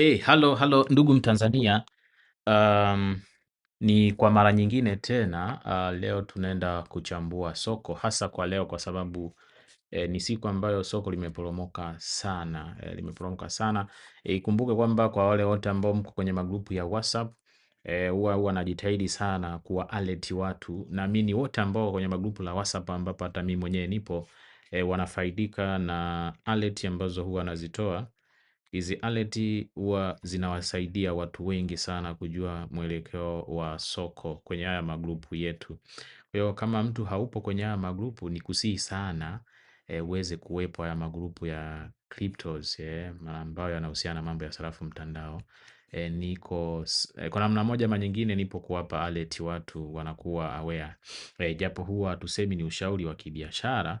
Hey, halo halo ndugu Mtanzania. Um, ni kwa mara nyingine tena uh, leo tunaenda kuchambua soko hasa kwa leo kwa sababu eh, ni siku ambayo soko limeporomoka sana eh, limeporomoka sana. Eh, Ikumbuke kwamba kwa wale wote ambao mko kwenye magrupu ya WhatsApp eh, huwa huwa najitahidi sana kuwa alert watu, ni wote ambao kwenye magrupu la WhatsApp ambapo hata mimi mwenyewe nipo eh, wanafaidika na alert ambazo huwa nazitoa Hizi alert huwa zinawasaidia watu wengi sana kujua mwelekeo wa soko kwenye haya magrupu yetu. Kwa hiyo kama mtu haupo kwenye haya magrupu ni kusihi sana eh, uweze kuwepo haya magrupu ya cryptos eh, ambayo yanahusiana na mambo ya sarafu mtandao. Eh, niko kwa namna moja ama nyingine nipo kuwapa alert watu wanakuwa aware. Japo huwa tusemi ni ushauri wa kibiashara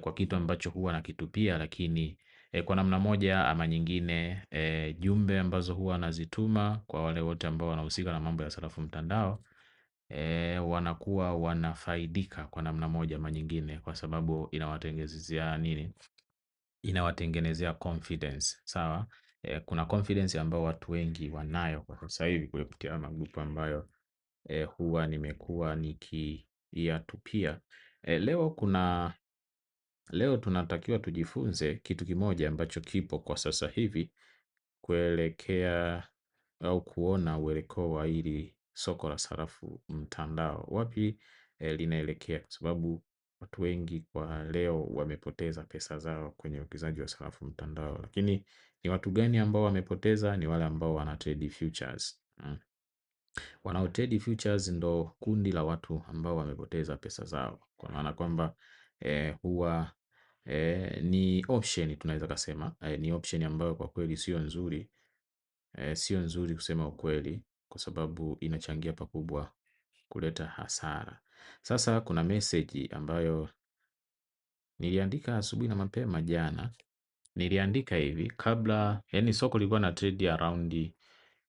kwa kitu ambacho huwa nakitupia lakini e, kwa namna moja ama nyingine e, jumbe ambazo huwa anazituma kwa wale wote ambao wanahusika na mambo ya sarafu mtandao e, wanakuwa wanafaidika kwa namna moja ama nyingine, kwa sababu inawatengenezea nini, inawatengenezea confidence sawa. E, kuna confidence ambayo watu wengi wanayo kwa sasa hivi kupitia magrupu ambayo e, huwa nimekuwa nikiyatupia. e, leo kuna Leo tunatakiwa tujifunze kitu kimoja ambacho kipo kwa sasa hivi kuelekea au kuona uelekeo wa hili soko la sarafu mtandao. Wapi e, linaelekea kwa sababu watu wengi kwa leo wamepoteza pesa zao kwenye uwekezaji wa sarafu mtandao. Lakini ni watu gani ambao wamepoteza? Ni wale ambao trade futures. Hmm. Wanao trade futures ndo kundi la watu ambao wamepoteza pesa zao. Kwa maana kwamba eh, huwa eh, ni option tunaweza kusema eh, ni option ambayo kwa kweli sio nzuri eh, sio nzuri kusema ukweli, kwa sababu inachangia pakubwa kuleta hasara. Sasa kuna message ambayo niliandika asubuhi na mapema jana, niliandika hivi kabla, yani soko lilikuwa na trade around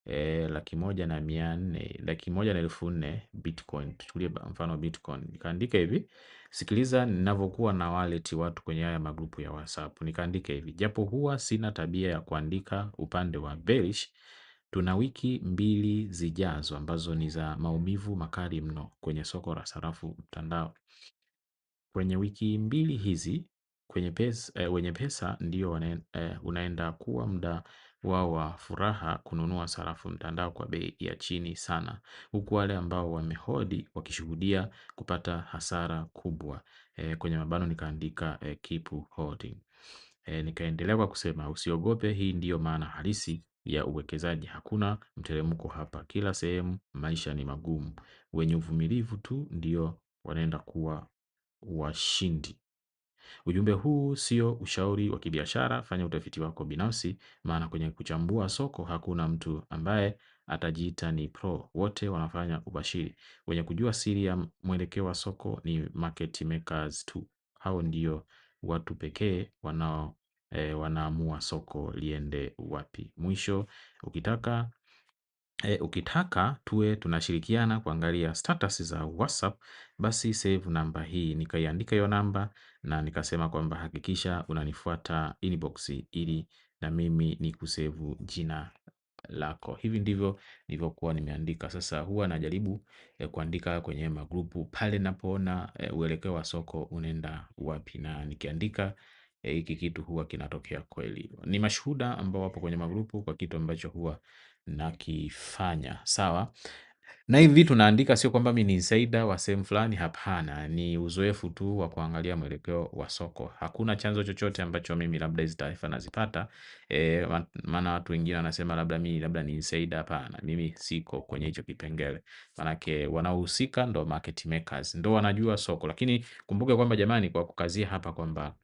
eh, laki moja na mia nne laki moja na elfu nne Bitcoin, tuchukulie mfano Bitcoin, nikaandika hivi Sikiliza ninavyokuwa na waleti watu kwenye haya magrupu ya WhatsApp. Nikaandika hivi, japo huwa sina tabia ya kuandika upande wa bearish, tuna wiki mbili zijazo ambazo ni za maumivu makali mno kwenye soko la sarafu mtandao. Kwenye wiki mbili hizi kwenye pesa, eh, wenye pesa ndio eh, unaenda kuwa muda wao wa furaha kununua sarafu mtandao kwa bei ya chini sana. Huku wale ambao wamehodi wakishuhudia kupata hasara kubwa eh, kwenye mabano nikaandika eh, keep holding. Eh, nikaendelea kwa kusema usiogope hii ndiyo maana halisi ya uwekezaji hakuna mteremko hapa kila sehemu maisha ni magumu. Wenye uvumilivu tu ndio wanaenda kuwa washindi. Ujumbe huu sio ushauri wa kibiashara, fanya utafiti wako binafsi, maana kwenye kuchambua soko hakuna mtu ambaye atajiita ni pro, wote wanafanya ubashiri. Wenye kujua siri ya mwelekeo wa soko ni market makers tu. Hao ndio watu pekee wanao e, wanaamua soko liende wapi. Mwisho ukitaka E, ukitaka tuwe tunashirikiana kuangalia status za WhatsApp, basi save namba hii. Nikaiandika hiyo namba na nikasema kwamba hakikisha unanifuata inbox ili na mimi nikusevu jina lako. Hivi ndivyo nilivyokuwa nimeandika. Sasa huwa najaribu eh, kuandika kwenye magrupu pale napoona eh, uelekeo wa soko unaenda wapi na nikiandika Eh, hiki kitu huwa kinatokea kweli. Ni mashuhuda ambao wapo kwenye magrupu kwa kitu ambacho huwa nakifanya. Sawa na hivi vitu naandika, sio kwamba mi ni insider wa sehemu fulani, hapana. Ni uzoefu tu wa kuangalia mwelekeo wa soko. Hakuna chanzo chochote ambacho mimi labda hizi taarifa nazipata e, maana watu wengine wanasema labda mi labda ni insider. Hapana, mimi siko kwenye hicho kipengele, manake wanaohusika ndo market makers, ndo wanajua soko. Lakini kumbuke kwamba jamani, kwa kukazia hapa kwamba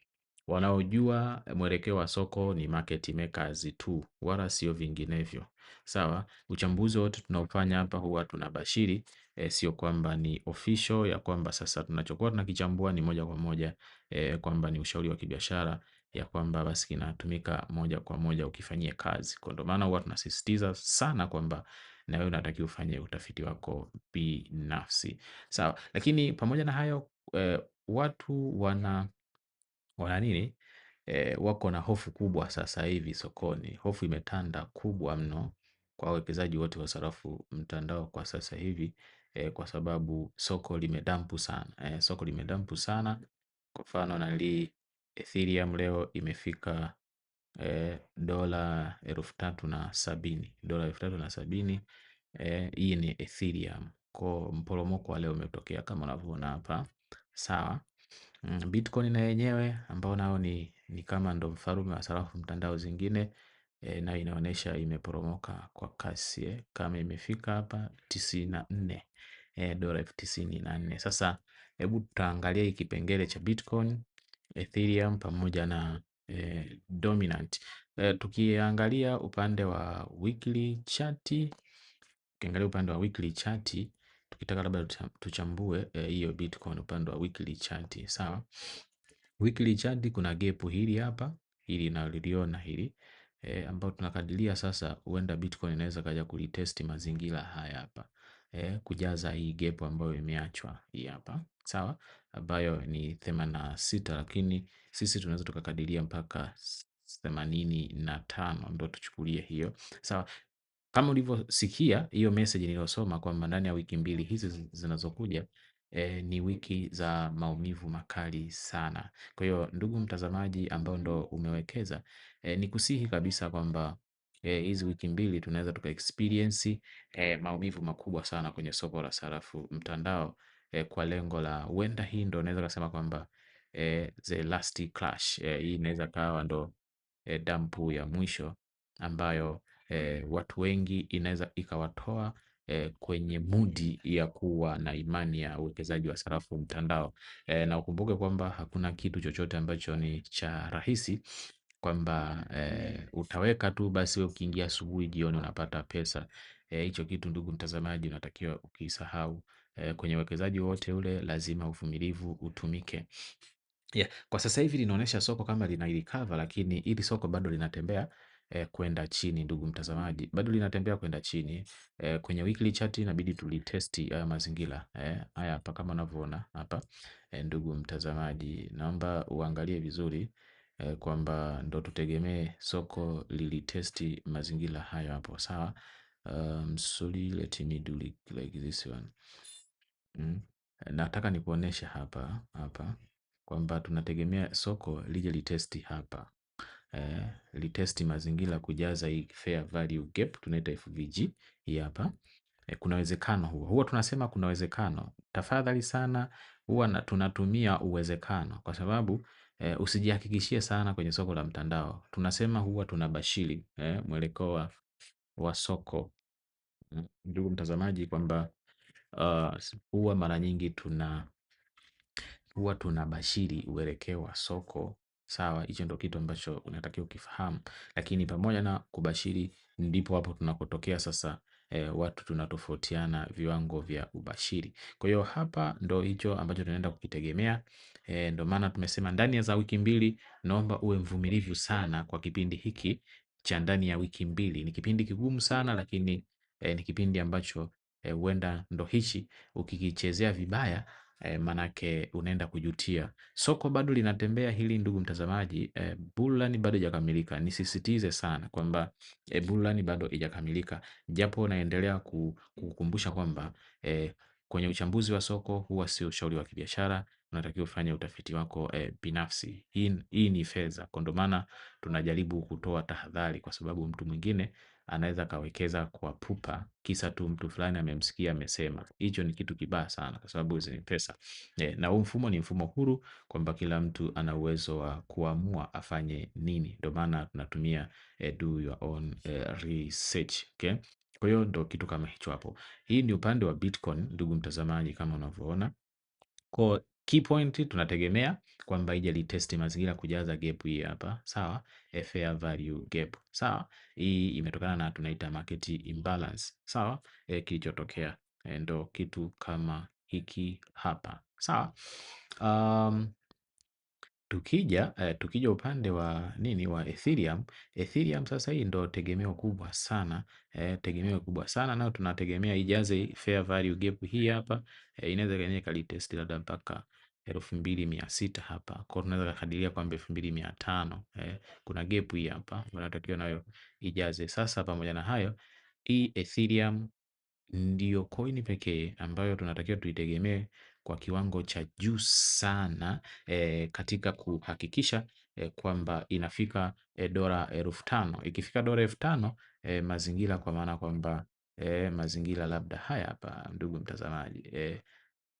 Wanaojua mwelekeo wa soko ni market makers tu, wala sio vinginevyo. Sawa, uchambuzi wote tunaofanya hapa huwa tunabashiri e, sio kwamba ni official ya kwamba sasa tunachokuwa tunakichambua ni moja kwa moja e, kwamba ni ushauri wa kibiashara ya kwamba basi kinatumika moja kwa moja ukifanyie kazi. Kwa ndio maana huwa tunasisitiza sana kwamba na wewe unatakiwa ufanye utafiti wako binafsi. Sawa, lakini pamoja na hayo e, watu wana wana nini e, wako na hofu kubwa sasa hivi sokoni. Hofu imetanda kubwa mno kwa wawekezaji wote wa sarafu mtandao kwa sasa hivi e, kwa sababu soko limedampu sana e, soko limedampu sana. Kwa mfano nali Ethereum leo imefika e, dola elfu tatu na sabini dola elfu tatu na sabini e, hii ni Ethereum. Kwa mporomoko wa leo umetokea kama unavyoona hapa, sawa Mm, Bitcoin na yenyewe ambao nao ni, ni kama ndo mfarume wa sarafu mtandao zingine e, na inaonyesha imeporomoka kwa kasi eh, kama imefika hapa tisini na nne e, dola elfu tisini na nne. Sasa hebu tutaangalia hii kipengele cha Bitcoin, Ethereum pamoja na e, dominant e, tukiangalia upande wa weekly chart, ukiangalia upande wa weekly chart tukitaka labda tuchambue eh, hiyo e, Bitcoin upande wa weekly chart sawa. Weekly chart kuna gap hili hapa hili naliliona hili e, ambao tunakadiria sasa, huenda Bitcoin inaweza kaja kulitest mazingira haya hapa e, kujaza hii gap ambayo imeachwa hii hapa sawa, ambayo ni themanini na sita, lakini sisi tunaweza tukakadiria mpaka themanini na tano ndo tuchukulie hiyo sawa. Kama ulivyosikia hiyo message niliyosoma kwamba ndani ya wiki mbili hizi zinazokuja E, ni wiki za maumivu makali sana. Kwa hiyo ndugu mtazamaji ambao ndo umewekeza ni eh, nikusihi kabisa kwamba eh, hizi wiki mbili tunaweza tuka experience e, eh, maumivu makubwa sana kwenye soko la sarafu mtandao e, kwa lengo la huenda hii ndo naweza kusema kwamba e, the last clash e, hii inaweza kawa ndo e, dampu ya mwisho ambayo eh, watu wengi inaweza ikawatoa eh, kwenye mudi ya kuwa na imani ya uwekezaji wa sarafu mtandao. Eh, na ukumbuke kwamba hakuna kitu chochote ambacho ni cha rahisi kwamba eh, utaweka tu basi wewe ukiingia asubuhi jioni unapata pesa eh, hicho. Eh, kitu ndugu mtazamaji, unatakiwa ukisahau. Eh, kwenye uwekezaji wote ule lazima uvumilivu utumike. Yeah. Kwa sasa hivi linaonyesha soko kama lina recover, lakini hili soko bado linatembea eh, kwenda chini ndugu mtazamaji, bado linatembea kwenda chini eh, kwenye weekly chart inabidi tulitesti haya mazingira eh, haya hapa kama unavyoona hapa eh, ndugu mtazamaji, naomba uangalie vizuri eh, kwamba ndo tutegemee soko lilitesti mazingira hayo hapo, sawa. Um, sorry, let me do like this one. Mm. Nataka nikuoneshe hapa hapa kwamba tunategemea soko lije litesti hapa litesti eh, mazingira kujaza hii fair value gap tunaita FVG hii hapa. E, kuna uwezekano huo. Huwa tunasema kuna uwezekano. Tafadhali sana huwa tunatumia uwezekano kwa sababu e, usijihakikishie sana kwenye soko la mtandao. Tunasema huwa tunabashiri e, mwelekeo wa, wa soko ndugu mtazamaji kwamba uh, huwa mara nyingi tuna huwa tunabashiri uelekeo wa soko Sawa, hicho ndo kitu ambacho unatakiwa ukifahamu, lakini pamoja na kubashiri, ndipo hapo tunakotokea sasa. E, watu tunatofautiana viwango vya ubashiri. Kwa hiyo hapa ndo hicho ambacho tunaenda kukitegemea. E, ndo maana tumesema ndani ya za wiki mbili, naomba uwe mvumilivu sana kwa kipindi hiki cha ndani ya wiki mbili. Ni kipindi kigumu sana, lakini e, ni kipindi ambacho huenda e, ndo hichi ukikichezea vibaya e, manake unaenda kujutia. Soko bado linatembea hili, ndugu mtazamaji e, eh, burudani bado ijakamilika. Nisisitize sana kwamba e, eh, burudani bado ijakamilika, japo naendelea kukumbusha kwamba e, kwenye uchambuzi wa soko huwa sio ushauri wa kibiashara unatakiwa ufanye utafiti wako e, binafsi. Hii, hii ni fedha, kwa ndo maana tunajaribu kutoa tahadhari, kwa sababu mtu mwingine anaweza akawekeza kwa pupa, kisa tu mtu fulani amemsikia amesema. Hicho ni kitu kibaya sana, kwa sababu hizi ni pesa e, na huu mfumo ni mfumo huru, kwamba kila mtu ana uwezo wa kuamua afanye nini. Ndo maana tunatumia e, do your own e, research okay? Kwa hiyo ndo kitu kama hicho hapo. Hii ni upande wa Bitcoin, ndugu mtazamaji, kama unavyoona kwa Key point tunategemea kwamba ije litesti mazingira kujaza gap hii hapa, sawa, a fair value gap, sawa. Hii imetokana na tunaita market imbalance, sawa. E, kilichotokea e, ndo kitu kama hiki hapa, sawa. Um, tukija eh, tukija upande wa nini wa Ethereum. Ethereum sasa hii ndo tegemeo kubwa sana eh, tegemeo kubwa sana nao tunategemea ijaze fair value gap hii hapa eh, inaweza kwenye kalitesti labda mpaka elfu mbili mia sita hapa kwao, tunaweza kukadiria kwamba elfu mbili mia tano eh, kuna gap hii hapa unatakiwa nayo ijaze. Sasa pamoja na hayo, hii Ethereum ndiyo coin pekee ambayo tunatakiwa tuitegemee kwa kiwango cha juu sana eh, katika kuhakikisha eh, kwamba inafika eh, dola elfu tano. Ikifika dola elfu tano eh, mazingira kwa maana kwamba eh, mazingira labda haya hapa, ndugu mtazamaji eh,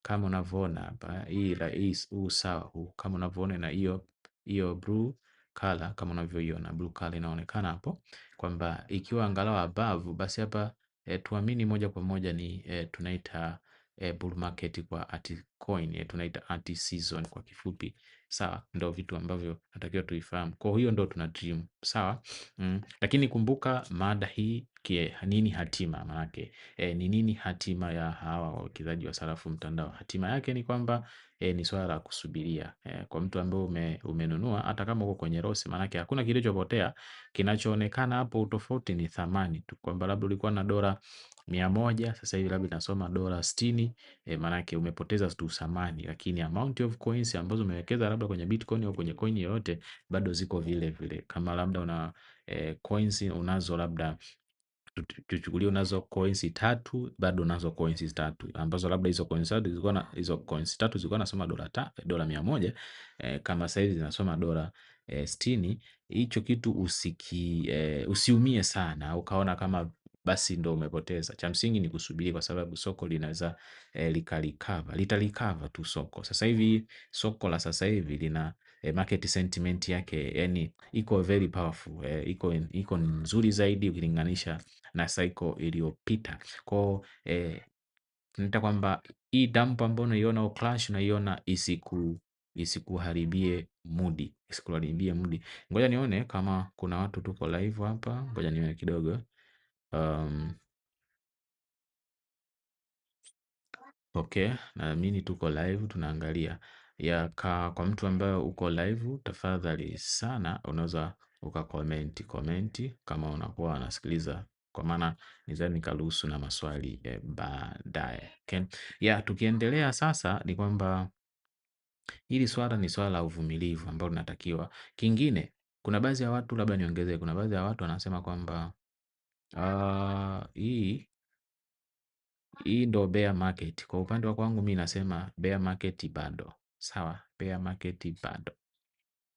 kama unavyoona hapa hii la huu sawa huu kama unavyoona na hiyo hiyo blue color kama unavyoiona blue color inaonekana hapo kwamba ikiwa angalau above basi hapa e, tuamini moja kwa moja ni e, tunaita e, bull market kwa coin e, tunaita alt season kwa kifupi Sawa, ndo vitu ambavyo natakiwa tuifahamu. Kwa hiyo ndo tuna dream sawa. Mm. Lakini kumbuka mada hii kie, nini hatima manake e, ni nini hatima ya hawa wawekezaji wa sarafu mtandao? Hatima yake ni kwamba e, ni swala la kusubiria e, kwa mtu ambaye ume, umenunua hata kama uko kwenye rosi manake hakuna kilichopotea. Kinachoonekana hapo utofauti ni thamani tu, kwamba labda ulikuwa na dola mia moja sasa hivi labda inasoma dola sitini e, eh, maanake umepoteza tu thamani, lakini amount of coins ambazo umewekeza labda kwenye Bitcoin au kwenye coin yoyote bado ziko vile vile. Kama labda una e, coins unazo labda tuchukulie unazo coins tatu bado unazo coins tatu ambazo labda hizo coins tatu zilikuwa na hizo coins tatu zilikuwa nasoma dola ta, eh, dola mia moja e, kama sasa hivi zinasoma dola e, sitini. Hicho kitu usiki e, usiumie sana ukaona kama basi ndo umepoteza. Cha msingi ni kusubiri, kwa sababu soko linaweza e, eh, likalikava litalikava tu soko. Sasa hivi soko la sasa hivi lina e, market sentiment yake yani iko very powerful e, iko, iko nzuri zaidi ukilinganisha na cycle iliyopita kwao e, nita kwamba hii dump ambayo unaiona au clash unaiona isiku isikuharibie mudi, isikuharibie mudi. Ngoja nione kama kuna watu tuko live hapa, ngoja nione kidogo. Um, okay, naamini tuko live tunaangalia. Ya ka, kwa mtu ambaye uko live, tafadhali sana unaweza ukakomenti komenti kama unakuwa unasikiliza, kwa maana nizani nikaruhusu na maswali eh, baadaye. Okay. Ya tukiendelea sasa ni kwamba hili swala ni swala la uvumilivu ambalo linatakiwa. Kingine, kuna baadhi ya watu labda niongezee, kuna baadhi ya watu wanasema kwamba Ah, hii hii ndo bear market. Kwa upande wa kwangu mi nasema bear market bado. Sawa, bear market bado.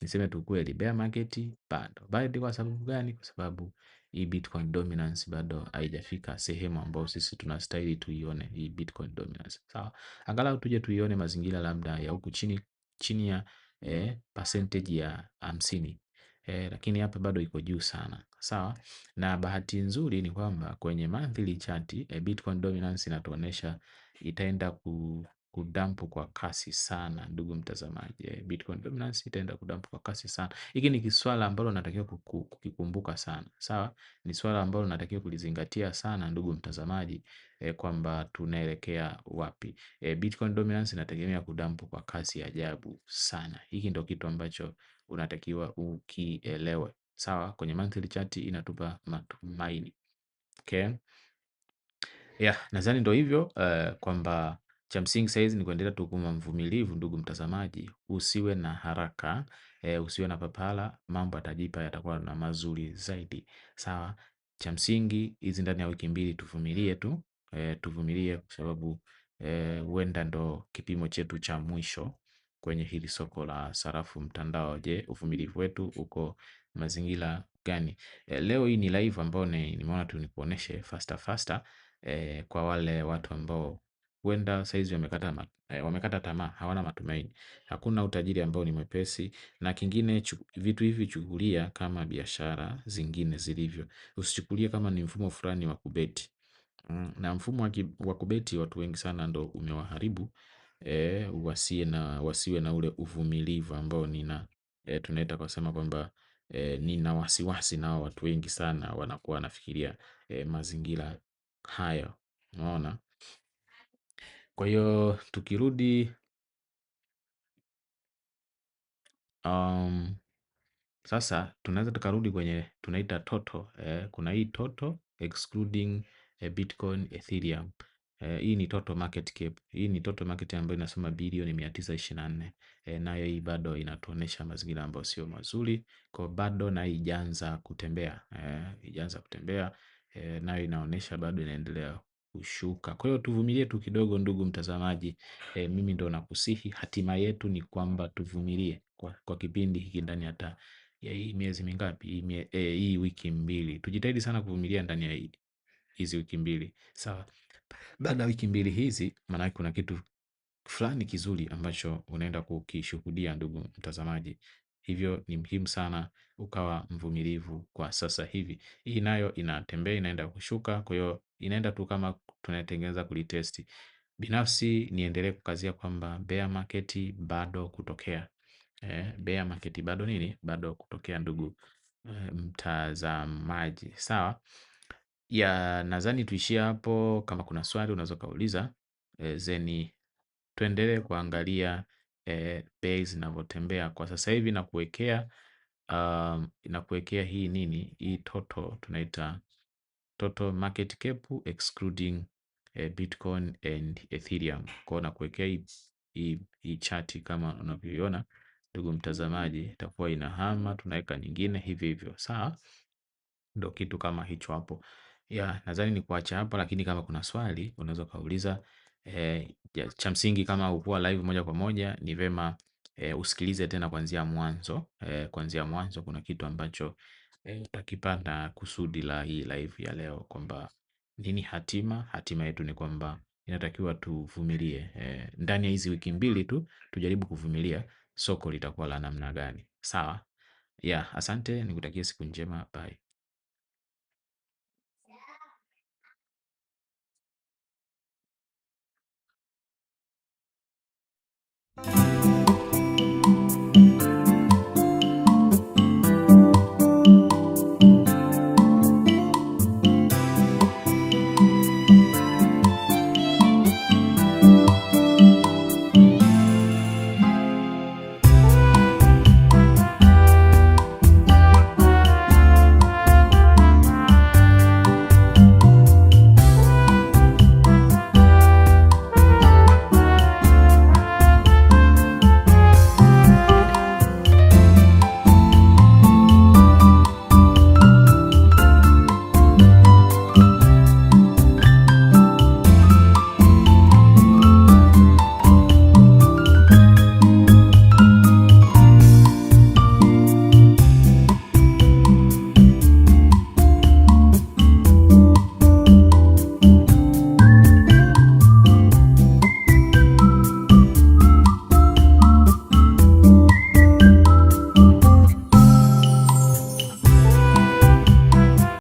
Niseme tu kweli bear market bado. Bado kwa sababu gani? Kwa sababu hii Bitcoin dominance bado haijafika sehemu ambayo sisi tunastahili tuione hii Bitcoin dominance. Sawa. Angalau tuje tuione mazingira labda ya huku chini chini ya eh, percentage ya hamsini e, lakini hapa bado iko juu sana sawa. Na bahati nzuri ni kwamba kwenye monthly chart e, Bitcoin dominance inatuonesha itaenda ku kudampu kwa kasi sana ndugu mtazamaji, eh, Bitcoin dominance itaenda kudampu kwa kasi sana. Hiki ni kiswala ambalo natakiwa kukikumbuka sana sawa, ni swala ambalo natakiwa kulizingatia sana ndugu mtazamaji e, kwamba tunaelekea wapi e, Bitcoin dominance inategemea kudampu kwa kasi ajabu sana. Hiki ndio kitu ambacho unatakiwa ukielewe. Sawa, kwenye monthly chart inatupa matumaini. Okay. Yeah, nadhani ndio hivyo uh, kwamba cha msingi saizi ni kuendelea tu kuwa mvumilivu, ndugu mtazamaji, usiwe na haraka eh, usiwe na papala, mambo atajipa yatakuwa na mazuri zaidi. Sawa, cha msingi hizi ndani ya wiki mbili tuvumilie tu eh, tuvumilie kwa sababu eh, huenda eh, ndo kipimo chetu cha mwisho kwenye hili soko la sarafu mtandao. Je, uvumilivu wetu uko mazingira gani? E, leo hii ni live ambao nimeona tu nikuoneshe faster faster, e, kwa wale watu ambao huenda saizi wamekata, eh, wamekata tamaa, hawana matumaini. Hakuna utajiri ambao ni mwepesi, na kingine chuk, vitu hivi chukulia kama biashara zingine zilivyo, usichukulie kama ni mfumo fulani wa kubeti mm, na mfumo wa kubeti watu wengi sana ndo umewaharibu Eh, wasiwe na ule uvumilivu ambao nina eh, tunaita kwa sema kwamba eh, nina wasiwasi nao watu wengi sana wanakuwa wanafikiria mazingira hayo unaona. Kwa hiyo tukirudi um, sasa tunaweza tukarudi kwenye tunaita toto kuna hii toto excluding Bitcoin Ethereum Eh, hii ni total market cap. Hii ni total market ambayo inasoma bilioni 924. Eh, nayo hii bado inatuonesha mazingira ambayo sio mazuri. Kwa bado na ijaanza kutembea. Eh, ijaanza kutembea. Eh, nayo inaonesha bado inaendelea kushuka. Kwa hiyo tuvumilie tu kidogo ndugu mtazamaji. Eh, mimi ndo nakusihi hatima yetu ni kwamba tuvumilie kwa, kwa kipindi hiki ndani hata ya hii miezi mingapi hii, mie, eh, hii wiki mbili tujitahidi sana kuvumilia ndani ya hii hizi wiki mbili sawa. So, baada ya wiki mbili hizi, maanake kuna kitu fulani kizuri ambacho unaenda kukishuhudia, ndugu mtazamaji. Hivyo ni muhimu sana ukawa mvumilivu kwa sasa hivi. Hii nayo inatembea, inaenda kushuka, kwa hiyo inaenda tu kama tunatengeneza kulitesti. Binafsi niendelee kukazia kwamba bear market bado kutokea. Eh, bear market bado nini? Bado kutokea ndugu eh, mtazamaji. Sawa. Ya nadhani tuishie hapo kama kuna swali unaweza kauliza e, eh, zeni tuendelee kuangalia e, bei zinavyotembea kwa sasa hivi kuwekea um, kuwekea hii nini hii toto tunaita toto market cap excluding e, Bitcoin and Ethereum. Kwa na nakuwekea hii, hii, chati kama unavyoiona ndugu mtazamaji, itakuwa inahama, tunaweka nyingine hivi hivyo, sawa? Ndo kitu kama hicho hapo. Yeah, nadhani ni kuacha hapo, lakini kama kuna swali unaweza ukauliza. Eh, cha msingi kama ukuwa live moja kwa moja ni vema eh, usikilize tena kuanzia mwanzo. Eh, kuanzia mwanzo kuna kitu ambacho eh, utakipata kusudi la hii live ya leo kwamba nini hatima. Hatima yetu ni kwamba inatakiwa tuvumilie. Eh, ndani ya hizi wiki mbili tu tujaribu kuvumilia, soko litakuwa la namna gani? Sawa. Yeah, asante, nikutakia siku njema. Bye.